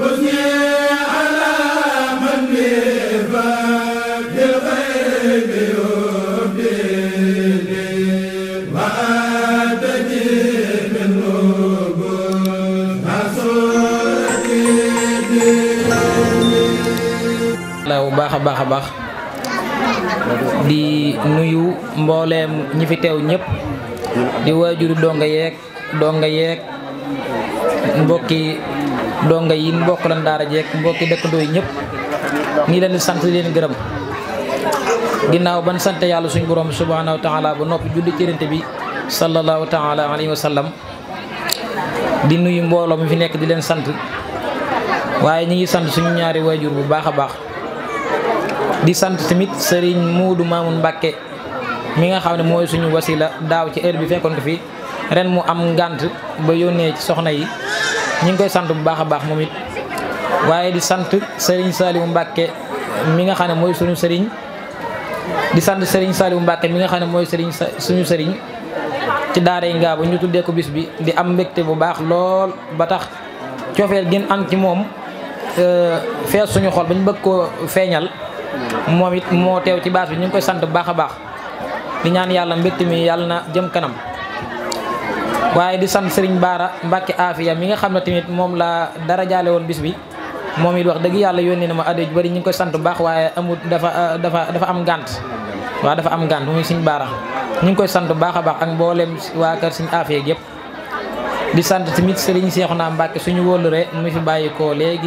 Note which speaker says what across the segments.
Speaker 1: bu
Speaker 2: baax a baax a baax di nuyu mbooleem ñi fi teew ñëpp di waajuru donga yeeg donga yeeg mbokki donga yi mbokk lan daara jeeg mbokki dëkkandoo yi ñëpp ngi leen di sant leen gërëm ginnaaw ban sant yàlla suñu borom subhanahu wa taala ba noppi julli ci yonent bi sallallahu taala alayhi wa sallam di nuyu mbooloo mi fi nekk di leen sant waaye ñi ngi sant suñu ñaari waajur bu baax a baax di sant tamit sëriñ Muudu Maamun Mbàkke mi nga xam ne mooy suñu wasila daaw ci heure bi fekkoon fi ren mu am ngànt ba yónnee ci soxna yi ñing koy sant bu baaxa baax momit waye di sant Serigne salim Mbacke mi nga xane moy suñu Serigne di sant Serigne salim Mbacke mi nga xane moy Serigne suñu Serigne ci daara yi ngaa bu ñu tuddé ko bis bi di am mbégte bu baax lool ba tax ciofel gën am ci euh fess suñu xol ba ñu bëgg koo feeñal moom it ci baas bi ñing koy sant bu baaxa baax di ñaan yalla mbégte mi yalla na jëm kanam waye di sant Serigne bara Mbacke Afia mi nga xamna ne tamit moom la dara jale won bis bi moom it wax deug yalla yoni na ma bari ñing koy sant bax waye waaye dafa dafa dafa am gant wa dafa am gant muy Serigne bara ñing koy sant baxa bax ak mbollem wa Serigne Afia yëpp di sant tamit Serigne Cheikhouna Mbacke suñu re mu fi bayiko ko ni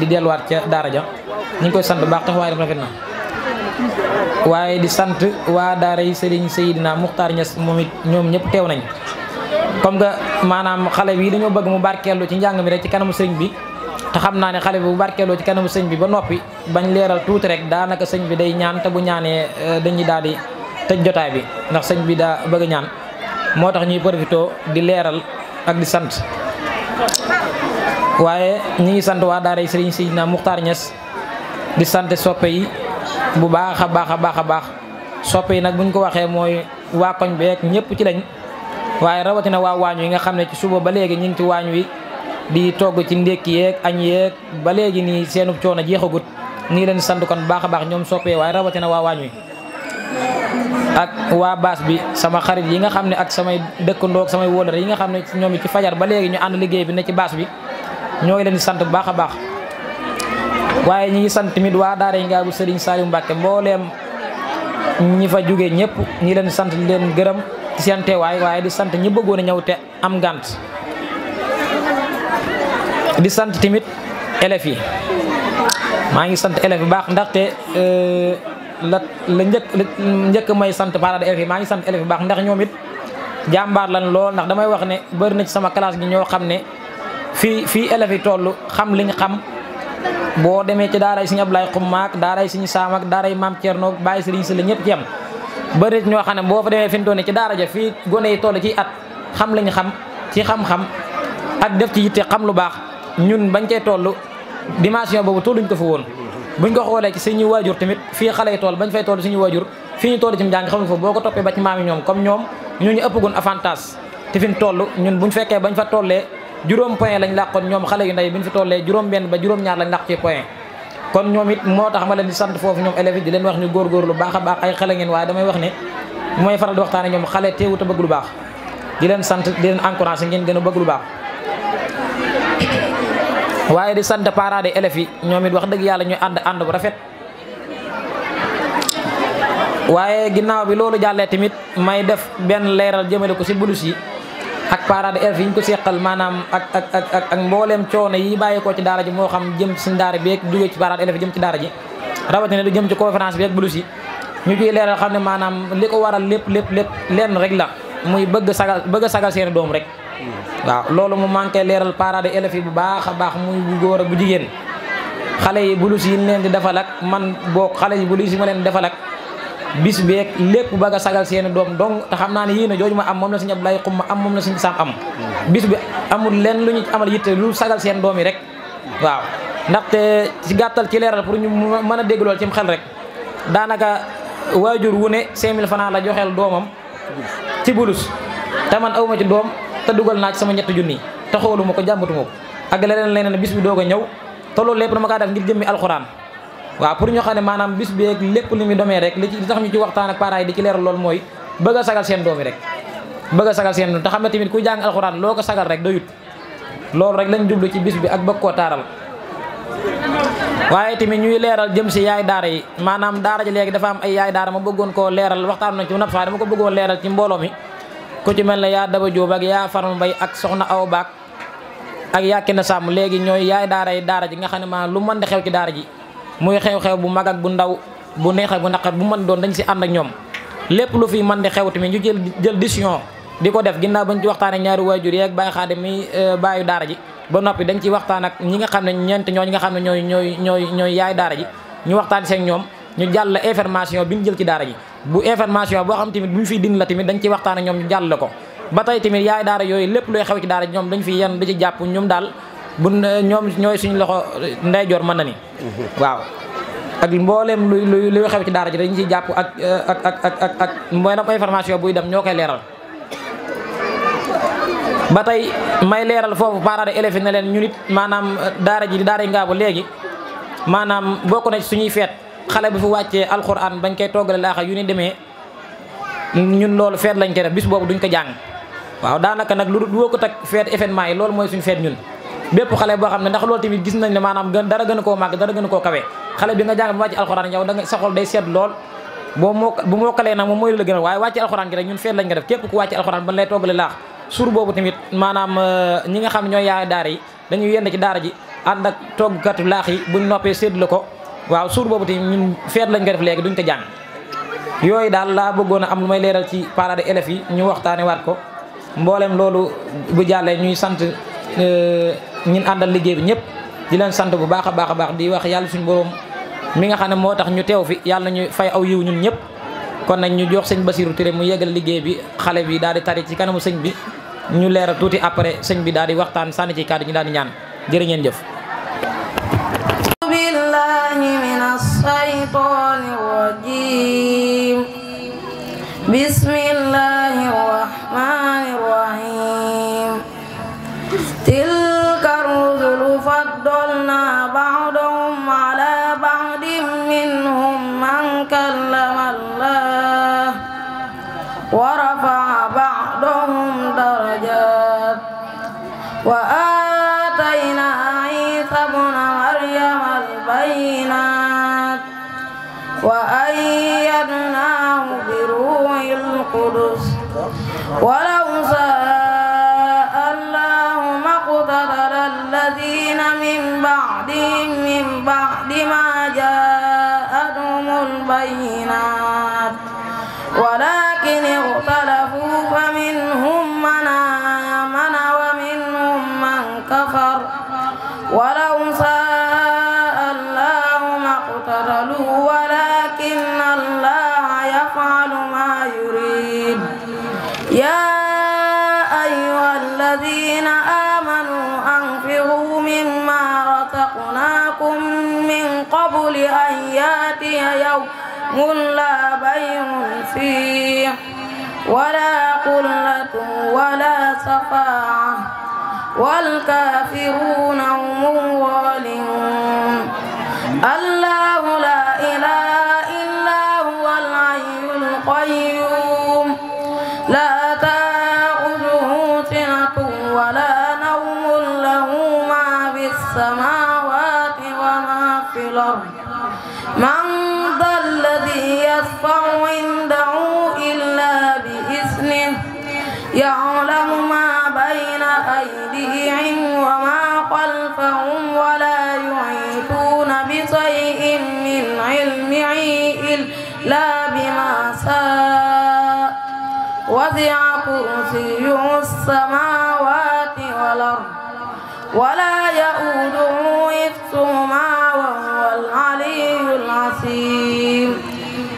Speaker 2: di di wat ca daraja, ja ñing koy sant bax tax waye rafet na di sant wa dara yi Serigne Seydina Muxtaar Ñas momit ñom ñep tew nañ comme que maanaam xale bi dañoo bëgg mu barkeellu ci njàng mi rek ci kanamu sëñ bi te xam naa ne xale bi bu barkeeloo ci kanamu sëñ bi ba noppi bañ leeral tuuti rek daanaka sëñ bi day ñaan te bu ñaanee euh, dañuy daal di tëj jotaay bi ndax sëñ bi daa bëgg ñaan moo tax ñuy profitoo di leeral ak di sant waaye ñi ngi sant waa daara sëriñ naa Muxtaar Ñas di sant soppe yi bu baax a baax a baax a baax soppe yi nag buñ ko waxee mooy waa koñ beek ñëpp ci lañ waye rawatina na wa yi nga xamne ci suba ba legi ñing ci wañu wi di togg ci ndékki yeeg añ yek ba legi ni seenub coono jeexagut ni ngi leen sant kon baax baax ñom soppé waye rawatina waa ak wa baas bi sama xarit yi nga xamne ak ak sama dëkkandoog sama wóolare yi nga xamne ci ñom ci fajar ba legi ñu and liggey bi ne ci baas bi ñoy ngi leen sant bu baax baax waye ñi sant tamit wa daara yi bu Serigne salim Mbacke mbollem ñi fa juggé ñepp ñi leen sant leen gëreem ci seen teewaay waaye di sant ñi bëggoon a ñëw te am ngànt di sant tamit élèves yi maa ngi sant élèves bu baax ndaxte euh, la la njëkk njëkk may sant parents d'élèves yi maa ngi sant élèves bu baax ndax ñoom it jàmbaar lan lool ndax damay wax ne bëri na sama classe gi ñoo xam ne fii fii élèves yi toll xam li ñu xam boo demee ci daaray Sëriñ Ablaay Xummaak daaray Sëriñ Saam ak daaray Maam Cerno Baay Sëriñ Si la ñëpp ci am bëri ñoo xam ne boo fa demee fi mu toll ci daara ja fii gone yi toll ci at xam lañ xam ci xam-xam ak def ci yitte xam lu baax ñun bañ cay toll dimension boobu tolluñ ko fa woon. buñ ko xoolee ci suñu waajur tamit fii xale yi toll bañ fay toll suñu waajur fii ñu toll ci njàng xamuñ fa boo ko toppee ba ci maam yi ñoom comme ñoom ñu ñu ëppagoon avantage te fi ñu toll ñun buñ fekkee bañ fa tollee juróom point lañ làqoon ñoom xale yu ndey buñ fi tollee juróom benn ba juróom ñaar lañ làq kon ñoom it moo tax ma leen di sante fofu ñom élèves di leen wax ñu gor lu a baax ay xalé ngeen way damay wax ni moy faral di waxtane ñom xalé teewu ta bëgg lu baax di leen sant di leen encourager ngeen gëna bëgg lu baax waye di sante parents de elevi yi ñoom it wax deug yalla ñu and and bu rafet waye ginnaaw bi lolu jalle timit may def ben leral jëmele ko ci bulus yi ak parents d'élèves yi ñu ko seqal maanaam ak ak ak ak ak mbooleem coono yi bàyyeekoo ci daara ji moo xam jëm ci suñ daara beeg jógee ci parents d'élèves jëm ci daara ji rawatina du jëm ci conférence bi ak bulus yi ñu ciy leeral xam ne maanaam li ko waral lépp lépp lépp lenn rek la muy bëgg sagal bëgg sagal seeni doom rek waaw loolu mu manqué leeral parents d'élèves yi bu baax a baax muy bu góor ak bu jigéen xale yi bulus yi leen di defal ak man boo xale yi bulus yi ma leen di defal bis beek lépp bëgg a sagal seeni doom donc te xam naa ne yéen a jooju ma am moom la sëñ Abdoulaye Xumma am moom la sëñ Sam am bis bi amul lenn lu ñu amal yitte lu sagal seen doom rek waaw ndaxte ci gàttal ci leeral pour ñu mën a dégg lool ci xel rek daanaka waajur wu ne 5000 francs la joxeel doomam ci bulus te man awma ci doom te dugal naa sama ñetti junni te xooluma ko jàmbatuma ko ak leneen leneen bis bi doog a ñëw te loolu lépp dama kaa def ngir jëmmi alxuraan wa pour ñu xam manam bis bi ak lepp lu mi domé rek li ci tax ñu ci waxtaan ak paray di ci leer lool moy bëgg sagal seen rek bëgg sagal seen ta xamna timit ku jang alcorane loko sagal rek doyut lool rek lañ dublu ci bis bi ak bëgg ko taral waye timi ñuy leral jëm ci yaay daara yi manam daara ji legi dafa am ay yaay daara ma bëggoon ko leral waxtaan nañ ci nafa dama ko bëggoon leral ci mbolo mi ku ci melni ya daba joob ak ya farum bay ak soxna aw bak ak yàkki na sàmm léegi yaay daara yi daara ji nga ma lu mën di xew ci daara ji muy xew-xew bu mag bu ndaw bu neex ak bu naqar bu mën doon dañu si ànd ak ñoom lépp lu fi mën di xew tamit ñu jël jël décision di ko def ginnaaw bañ ci waxtaan ñaari waajur yeeg bàyyi xaade mi euh, bàyyi daara ji ba noppi dañ ciy ak ñi nga xam ne ñeent ñoo ñi nga xam ne ñooy ñooy ñooy ñooy yaay daara ji ñu waxtaan ñoom ñu jàll information bi ñu jël ci daara ji bu information boo xam tamit bu ñu fiy din la tamit dañ ciy waxtaan ak ñoom ñu jàll ko ba tey tamit yaay daara yooyu lépp luy xew ci daara ji ñoom dañ fi yenn du ci jàpp ñoom daal bu ñoom ñooy suñu loxo ndeyjoor mën na waaw ak mbooleem luy luy luy xew ci daara ji dañu ciy jàpp ak ak ak ak information buy dem ñoo koy leeral ba tey may leeral foofu parents d'élèves ne leen ñu nit maanaam daara ji di daara Ngabou léegi maanaam bokk na suñuy feet xale bi fu wàccee alxuraan bañ koy toggale laaxa yu ni demee ñun loolu feet lañ koy def bis boobu duñ ko jàng waaw daanaka nag lu woo ko tak feet événement yi loolu mooy suñu feet ñun bépp xale boo xam ne ndax loolu tamit gis nañ ne maanaam gën dara gën a koo màgg dara gën a koo kawe xale bi nga jàng bi wàcc alxuraan yow da nga sa xol day sedd lool boo moo bu mokkalee nag moom mooy la gën a waaye wàcc alxuraan gi rek ñun feet lañ nga def képp ku wàcc alxuraan ban lay toggale laax suur boobu tamit maanaam euh, ñi ci daara ji ànd ak toggkatu laax yi buñ ko waaw suur boobu tamit ñun feet lañ nga def léegi duñ ko jàng yooyu daal laa bëggoon a am lu may leeral ci parents d'élèves yi ñu waxtaane waat ko mboolem loolu bu jàllee ñuy sant ñin andal liggéey bi ñep di leen sant bu baaxa baaxa baax di wax yalla suñu borom mi nga xamne motax ñu tew fi yalla ñu fay aw yiw ñun ñep kon nak ñu jox seigne basirou Touré mu yeggal liggéey bi xalé bi daal di tari ci kanamu seigne bi ñu leeral tuti après seigne bi daal di waxtaan sànni ci kàddu ñu daal di ñaan jërë ngeen jëf
Speaker 1: billahi minash shaytanir rajim bismillahir rahmanir خلقناكم من قبل أن يأتي يوم لا بيع فيه
Speaker 3: ولا
Speaker 1: قلة ولا صفاعة والكافرون هم الظالمون الله لا إله لا بما ساء
Speaker 3: وزع
Speaker 1: كرسي السماوات والأرض ولا يؤوده حفظهما وهو العلي العظيم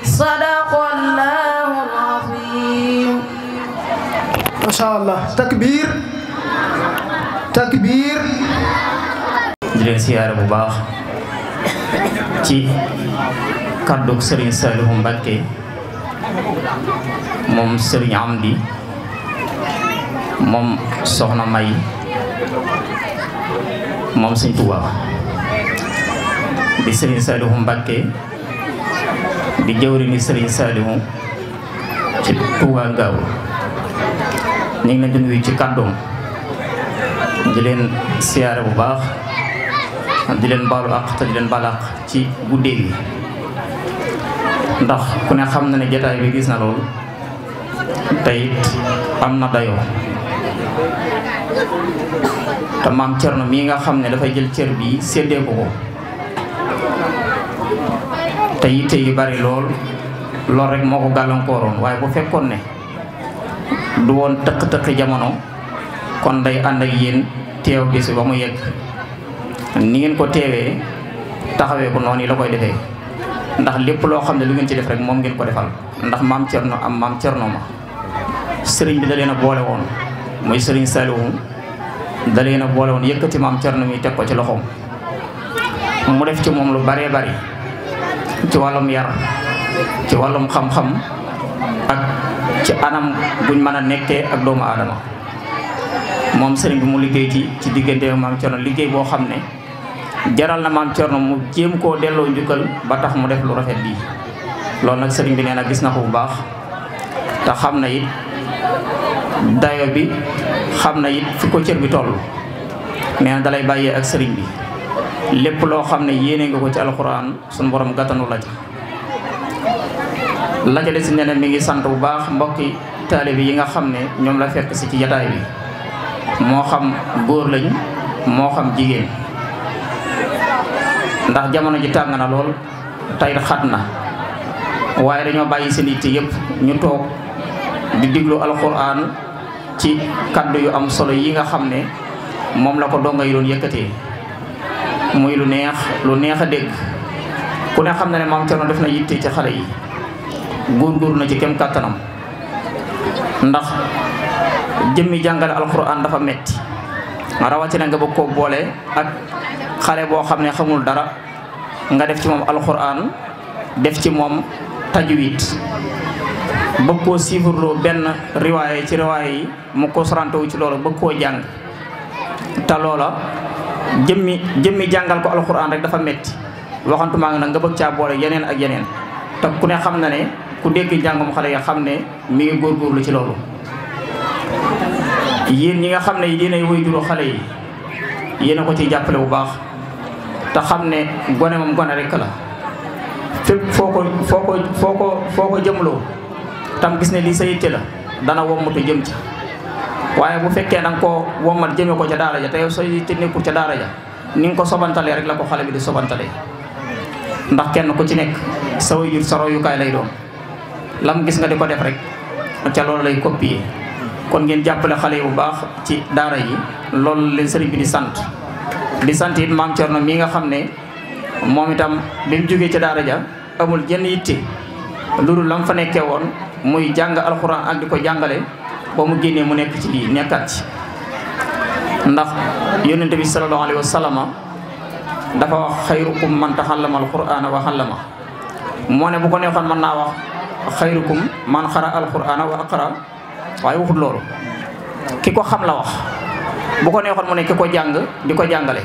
Speaker 1: صدق الله العظيم ما شاء الله تكبير تكبير
Speaker 3: جلسي يا رب باخ Kan sering selalu hambat ke mom sering Amdi mom sohna namai, mom sering tua, di selalu hambat ke di jauh ini sering selalu Tuubaa Ngaaw ñu na leen di nuyu ci kàddoom di leen siyaare bu baax di leen baalu di ndax ku ne xam na ne jataay bi gis na loolu te it am na dayoo te maam Cerno mii nga xam ne dafay jël cër bi séddee ko ko te yitte yu bari lool lool rek moo ko gàllankooroon waaye bu fekkoon ne du woon tëq-tëqi jamono kon day ànd ak yéen teew bis ba mu yegg ni ngeen ko teewee taxawee ko noonu la koy defee ndax lépp loo xam ne lu ngeen ci def rek moom ngeen ko defal ndax maam Cerno am maam Cerno ma sëriñ bi da leen a boole woon muy sëriñ Saliou da leen a boole woon yëkkati maam Cerno mi teg ci loxoom mu def ci moom lu baree bari ci wàllum yar ci wàllum xam-xam ak ci anam buñ mën a nekkee ak doomu aadama moom sëriñ bi mu liggéey ci ci diggante maam Cerno liggéey boo xam ne jaral na maam ciorno mu jëm ko delo ñukal ba tax mu def lu rafet lii lool nak sëriñ bi neena na gis na ko bu baax ta xamna na dayo bi xamna yi fi ko cër bi toll neena dalay baye ak sëriñ bi lepp lo xamne yene nga ko ci alquran sun borom gatanu la ca la ci des nee mi ngi sant bu baax mbokk talib yi nga xamne ñom la fekk ci ci jotaay bi mo xam goor lañ mo xam ndax jamono ji tang na lol tay xat na waaye dañoo bàyyi seen nit yëpp ñu tok di diglu alquran ci kaddu yu am solo yi nga xamne mom la ko do yi doon yekati muy lu neex lu neex a ku ne def na yitte ci yi góorgóor na ci kem katanam, ndax jëmmi jangal alquran dafa metti na nga bokk boole ak xalé bo xamne xamul dara nga def ci mom alquran def ci mom tajwid bëgg sifurlo ben riwaya ci riwaya yi mu ko sorantewu ci loola bëgg jang ta te loola jëmmi jëmmi jàngal ko alquran rek dafa metti waxantuma nga nga bëgg ci boole yenen ak yenen te ku ne xam na ne ku dégg jangum xale ya xam ne mi ngi gorlu ci loolu yeen ñi nga xam ne yéenay woy juru xale yi yeen ko ci jappale bu baax te xam ne gone moom gone rek la fépp foo ko foo ko foo ko foo ko tam gis ne lii sa yitte la dana wommatu jëm ci waaye bu fekkee da ko koo mat jëme ko ca daara ja te yow sa yitte nekkul ca daara ja ni ko sobantalee rek la ko xale bi di sobantalee ndax kenn ku ci nekk sa wayjur sa royukaay lay doon lam gis nga di ko def rek ca loolu lay copier kon ngeen jàppale xale yi bu baax ci daara yi loolu leen sëriñ bi di sant di sant it maam Thierno mii nga xam ne moom itam bi mu jógee ca daara ja amul jenn yitte loolu la mu fa nekkee woon muy jàng alxuraan ak di ko jàngale ba mu génnee mu nekk ci lii nekkaat ci. ndax yonent bi sallallahu alayhi wa sallam dafa wax xayrukum man taxallama alxuraana wa xallama moo bu ko neexoon mën naa wax xayrukum man xara alxuraana wa waaye waxut loolu ki ko xam la wax. bu ko neexoon mu ne ki ko jàng di ko jàngale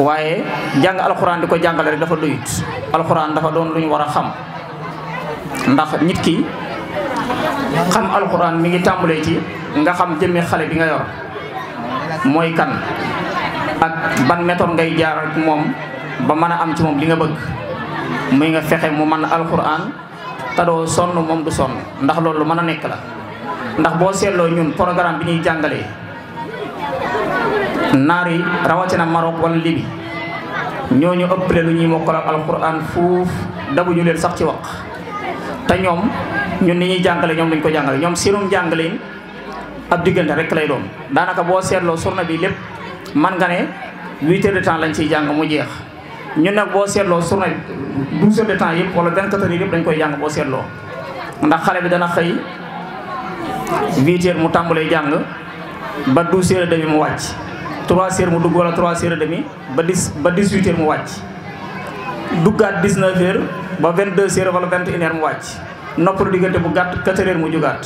Speaker 3: waaye jàng alxuraan di ko jàngale rek dafa doyut alxuraan dafa doon lu ñu war a xam ndax nit ki xam alxuraan mi ngi tàmbalee ci nga xam jëmmi xale bi nga yor mooy kan ak ban méthode ngay jaar moom ba mën a am ci moom li nga bëgg muy nga fexe mu mën alxuraan te doo sonn moom du sonn ndax loolu mën a nekk la ndax boo seetloo ñun programme bi ñuy jàngalee naar yi rawatina Maroc wala Libye ñooñu ëppale lu ñuy mokkal alquran fuuf dabuñu leen sax ci wax te ñoom ñun ni ñuy jàngale ñoom dañ koy jàngale ñoom seenum jàngaleen ab diggante rek lay doon daanaka boo seetloo surna bi lépp man nga ne huit de temps lañ ciy jàng mu jeex ñun nag boo seetloo surna bi douze heures de yëpp wala vingt-quatre heures yëpp dañ koy jàng boo seetloo ndax xale bi dana xëy huit heures mu tàmbalee jàng ba douze heures demi mu wàcc 3 heures mu dugg wala 3 heures et demi ba 10 ba 18 heures mu wàcc duggaat 19 heures ba 22 heures wala 21 heures mu wàcc nopp noppalu diggante bu gàtt 4 heures mu jugaat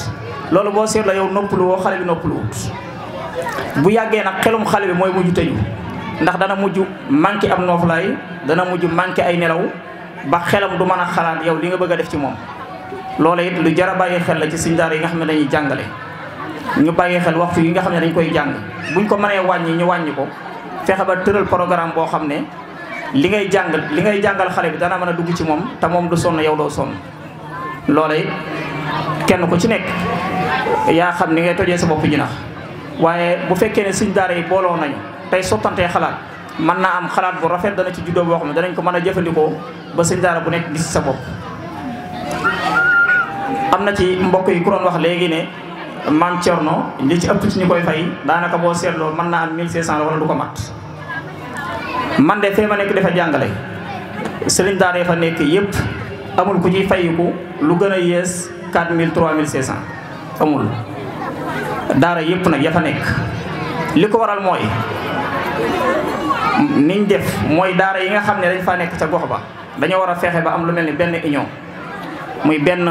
Speaker 3: loolu boo seetloo yow noppalu woo xale bi noppalu wut bu yàggee nag xelum xale bi mooy mujj tëju ndax dana mujj manqué am nooflaay dana mujj manqué ay nelaw ba xelam du mën a xalaat yow li nga bëgg a def ci moom loola it lu jar a bàyyi xel la ci suñ daara yi nga xam ne dañuy jàngale ñu bàyyi xel waxtu yi nga xam ne dañ koy jàng buñ ko mënee wàññi ñu wàññi ko fexe ba tëral programme boo xam ne li ngay jàng li ngay jàngal xale bi dana mën a dugg ci moom te moom du sonn yow doo sonn loola kenn ku ci nekk yaa xam ni ngay tojee sa bopp jinax waaye bu fekkee ne suñ daara yi booloo nañu tey sottantee xalaat mën naa am xalaat bu rafet dana ci juddoo boo xam ne danañ ko mën a jëfandikoo ba suñ daara bu nekk gis sa bopp am na ci mbokk yi ku doon wax léegi ne maam Thierno li ci ëpp ci ñu koy fay daanaka boo seetloo mën naa am 1500 la wala du ko mat man de fee ba nekk dafa jàngale sëriñ daara yi fa nekk yëpp amul ku ci fayiku lu gën a yées 4000 3500 amul daara yëpp nag ya fa nekk li ko waral mooy niñ def mooy daara yi nga xam ne dañ faa nekk ca gox ba dañoo war a fexe ba am lu mel ni benn union muy benn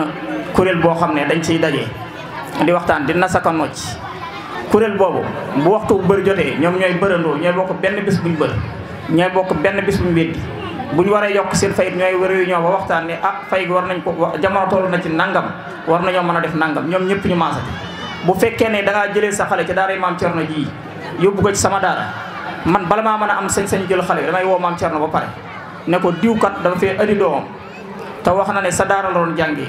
Speaker 3: kuréel boo xam ne dañ ciy daje. di waxtan di nasakan ci kurel bobu bu waxtu beur jotee ñom ñoy beurando ñooy bokk benn bis buñu beur ñooy bokk benn bis buñu weddi buñu waree yok seen fayit ñooy wër ñoo ba waxtan ne ah fay gi war nañ ko jamono toll na ci nangam war nañu mëna def nangam ñom ñepp ñu maasati bu fekkee ne da nga jëlé sa xalé ci daara maam cerno ji yóbbu ko ci sama daara man bala ma mëna am sañ-sañ jël xalé damay wo maam cerno ba paré ne ko kat dama fay adi doomam taw waxna ne sa daara la doon jangé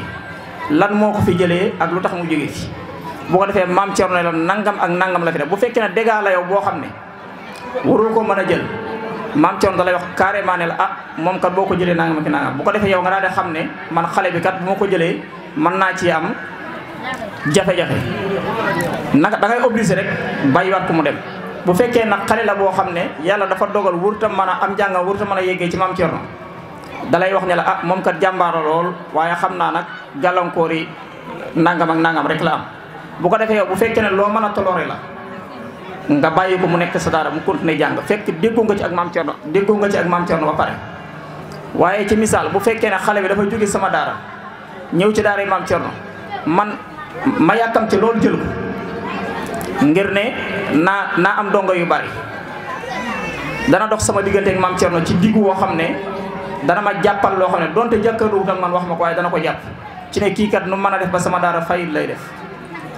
Speaker 3: lan moko fi jëlé ak lutax mu jëgé fi bu ko defee maam Thierno ne la nangam ak nangam la fi def bu fekkee ne dégâts la yow boo xam ne waroo koo mën a jël maam Thierno da wax carrément ne la ah moom kat boo ko jëlee nangam ak nangam bu ko defee yow nga daal xam ne man xale bi kat bu ma ko jëlee mën naa ci am jafe-jafe naka da ngay obligé rek bàyyiwaat ko mu dem. bu fekkee nag xale la boo xam ne yàlla dafa dogal wurta mën a am njàngam wurta mën a yeggee ci maam Thierno wax ne la ah moom kat lool waaye xam naa nag gàllankoor yi nangam ak nangam rek la am. bu ko defee yow bu fekkee ne loo mën a toloré la nga bàyyi ko mu nekk sa daara mu continuer jàng fekk déggoo nga ci ak maam Thierno nga ci ak maam Thierno ba pare. waaye ci misaal bu fekkee ne xale bi dafa jóge sama daara ñëw ci daara yi maam Thierno man ma yàkkam ci loolu jël ko ngir ne naa naa am dongo yu bari dana dox sama diggante ak maam Thierno ci diggu woo xam ne dana ma jàppal loo xam ne donte jàkkaarloo wutal man wax ma ko waaye dana ko jàpp ci ne kii kat nu mën a def ba sama daara fayit lay def.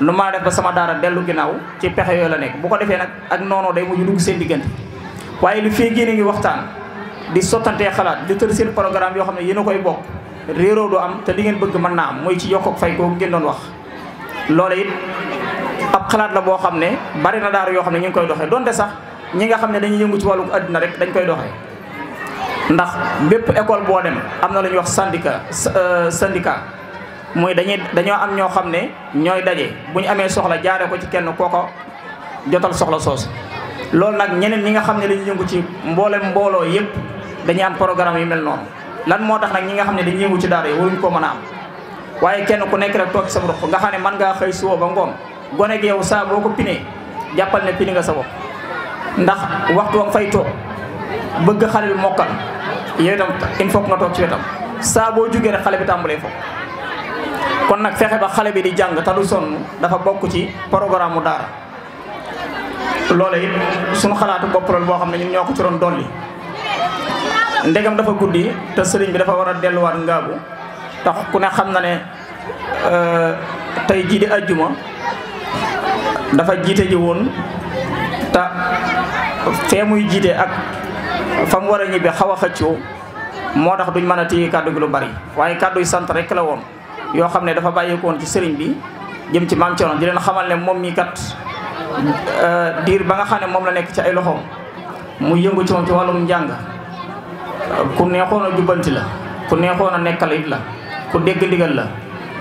Speaker 3: nu maa def ba sama daara dellu ginnaaw ci pexe yooyu la nekk bu ko defee nag ak noonu day mujj dugg seen diggante waaye lu fee génne ngi waxtaan di sottantee xalaat di tër seen programme yoo xam ne yéen a koy bokk réeroo du am te li ngeen bëgg mën naa am mooy ci yokk ak fay googu ngeen doon wax loolu it ab xalaat la boo xam ne bari na daara yoo xam ne ñu ngi koy doxee donte sax ñi nga xam ne dañu yëngu ci wàllu àddina rek dañ koy doxee ndax bépp école boo dem am na lu ñuy wax syndicat euh, syndicat mooy dañuy dañoo am ñoo xam ne ñooy daje bu ñu amee soxla jaaree ko ci kenn kooko jotal soxla soosu. loolu nag ñeneen ñi nga xam ne dañuy yëngu ci mboolem mbooloo yëpp dañuy am programme yu mel noonu lan moo tax nag ñi nga xam ne dañu yëngu ci daara yi waruñ ko mën a am waaye kenn ku nekk rek toog sa bopp nga xam ne mën ngaa xëy suba ba ngoon gone gi yow saa boo ko pinee jàppal ne pini nga sa bopp ndax waxtu wam fay toog bëgg xale bi mokkal yooyu ta il faut nga ci wetam saa jugee rek xale bi tàmbalee foofu kon nak fexé ba xalé bi di jang ta du son dafa bok ci programme mu lolé loolu it suñu xalaatu bopp loolu boo xam ñun ñoko ci ron doli ndegam dafa guddi te sëriñ bi dafa wara déllu waat ngaabu tax ku ne xam na euh tay ji di aljuma dafa jité ji won ta fé muy jité ak fam wara ñibé xawa ñibbi xaw tax duñ mëna a kaddu gu lu bari kaddu yi sant rek la won yoo xam ne dafa bàyyeekoon ci sëriñ bi jëm ci maam Thierno di leen xamal ne moom mii kat euh, diir ba nga xam ne moom la nekk ci ay loxoom mu yëngu ci moom ci njàng ku neexoon a jubbanti la ku neexoon a nekkal la ku dégg ndigal la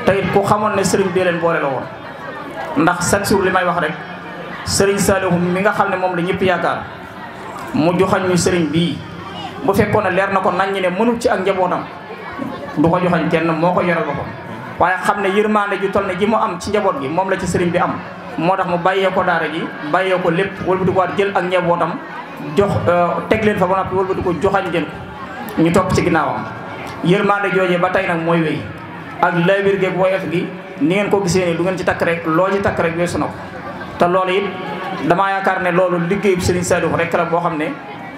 Speaker 3: te it ku xamoon ne sëriñ bi leen boole la woon ndax chaque jour li may wax rek sëriñ Saliou mi nga xam ne moom la ñëpp yaakaar mu joxañ ñu sëriñ bii bu fekkoon ne leer na ko nañ ñi ne mënul ci ak njabootam du ko joxañ kenn moo ko yoral waaye xam ne yërmande ju toll ne ji mu am ci njaboot gi moom la ci sëriñ bi am moo tax mu bàyyee ko daara ji bàyyee ko lépp wëlbati ko waat jël ak njabootam jox euh, teg leen fa ba noppi wëlbati ko joxañ leen ko ñu topp ci ginnaawam yërmande joojee ba tey nag mooy wéy ak laybir geeg woyof gi ni ngeen ko gisee ni du ngeen ci takk rek loo ci takk rek weesu na ko te loolu it damaa yaakaar ne loolu liggéey liggéeyu Serigne Saliou rek la boo xam ne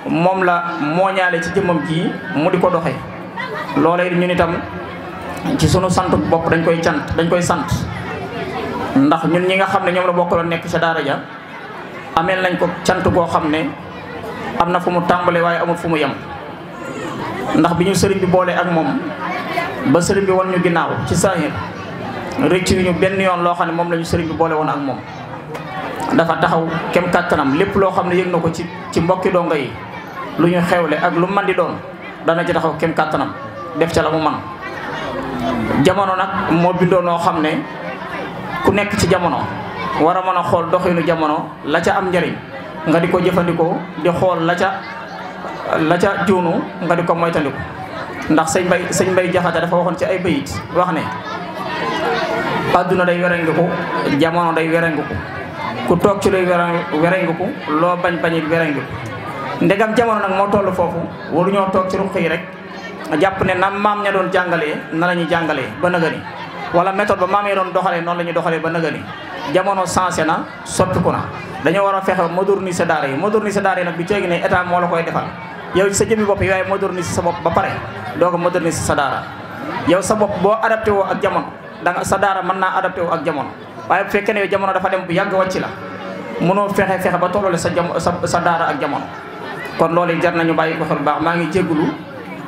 Speaker 3: moom la mooñaale ci jëmmam ji mu di ko doxee loola it ñun itam ci sunu sant bu bopp dañ koy cant dañ koy sant ndax ñun ñi nga xam ne ñoom la bokkaloon nekk ca daara ja ameel nañ ko cant goo xam ne am na fu mu tàmbalee waaye amul fu mu yem ndax bi ñu sëriñ bi boolee ak moom ba sëriñ bi woon ñu ginnaaw ci saahir rëcc benn yoon loo xam ne moom la sëriñ bi boole woon ak moom dafa taxaw kem kàttanam lépp loo xam ne yëg na ko ci ci mbokki donga yi lu ñu xewle ak lu man di doon dana ci taxaw kem kàttanam def ca la mu man jamono nag moo bindoo noo xam ne ku nekk ci jamono war a mën a xool doxinu jamono la ca am njariñ nga di ko jëfandikoo di xool la ca la ca juunu nga di ko moytandiku ndax sëñ mbay sëñ bay jaxata dafa waxoon ci ay bayit wax ne àdduna day werengiku jamono day werengiku ku toog ci luy werengiku loo bañ bañit werengiku ndegam jamono nag moo toll foofu waruñoo toog ci ruq yi rek jàpp ne na maam ña doon jàngalee na la ñuy jàngalee ba nëga ni wala méthode ba maam ya doon doxalee noonu la ñuy doxalee ba nëga ni jamono sensé na soppiku na dañoo war a fexe moderniser daara yi moderniser daara yi nag bi ceegi ne état moo la koy defal yow sa jëmmi bopp yi waaye sa bopp ba pare doo ko moderniser sa daara yow sa bopp boo adapté woo ak jamono danga sa daara mën naa adapté woo ak jamono waaye bu fekkee ne yow jamono dafa dem bu yàgg wàcc la mënoo fexe fexe ba tollale sa jam sa daara ak jamono kon loolu jar nañu bàyyi ko xel baax maa ngi jéggulu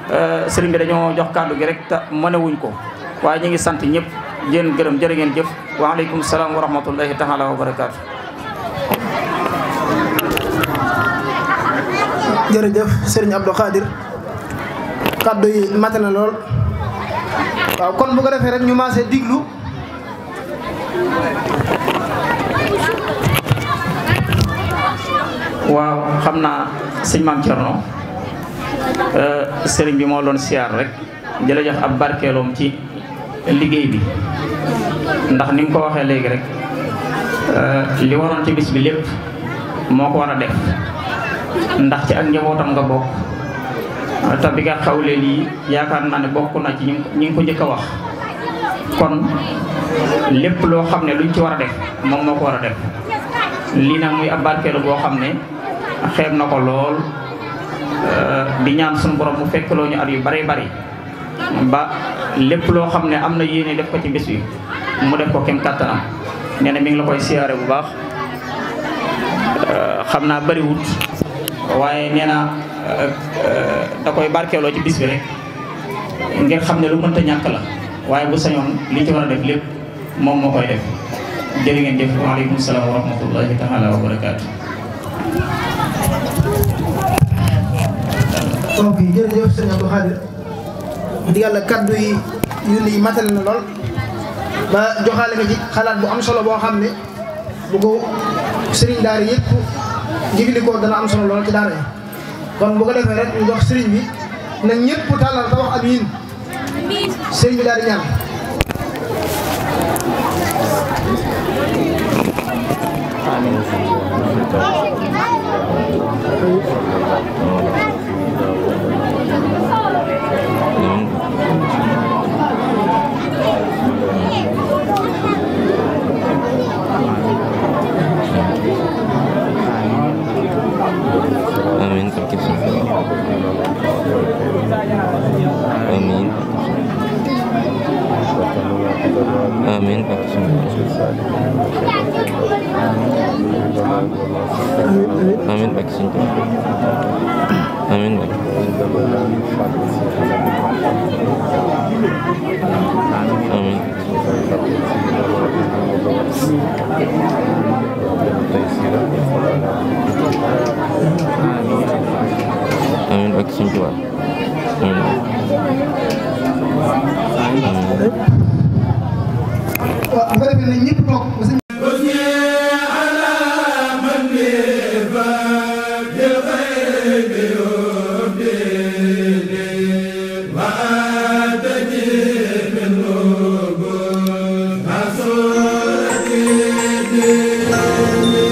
Speaker 3: Eh, Sering bi dañoo jox kàddu gi rek ta manewuñ ko waaye ñi ngi sant ñep jeen gërëm jërë ngeen jëf alaykum salaam wa rahmatullahi taala wa barakaatu
Speaker 2: jëf serigne Abdou Khadir kàddu yi mate na lool kon bu ko rek ñu massé diglu
Speaker 3: waaw xamna naa mam tierno Euh, sëriñ bi moo doon siyaar rek jëla jox ab barkeeloom ci liggéey bi ndax ni ko waxee léegi rek euh, li waroon ci bis bi lépp moo ko war a def ndax ci ak njabootam nga bokk te bi xawle lii yaakaar naa ne bokk na ci ñi ngi ko njëkk a wax kon lépp loo xam ne luñ ci war a def moom moo ko war a def lii na muy ab barkeelu boo xam ne xeeb na ko lool Euh, di ñaan suñu borom mu fekkloo ñu at yu bëree bari ba lépp loo xam ne am na yéene def ko ci bis bi mu def ko kem kàttanam nee na mi ngi la koy siyaare bu baax euh, xam naa bëriwut waaye nee na euh, da koy barkeeloo ci bis bi rek ngir xam ne lu mënta ñàkk la waaye bu sañoon li ci war a def lépp moom moo koy def jërë ngeen jëf waaleykum salaam wa rahmatullahi
Speaker 2: tomb bi jërëjëf sëñ Abdou Khadir di yàlla kaddu yi yu matal na ba nga ci xalaat bu am solo boo xam bu ko sëriñ daara yëpp jëfandikoo dana am solo lool ci daara kon bu ko defee rek ñu bi na bi ñaan
Speaker 1: Amin. Amen. Amin. Amin.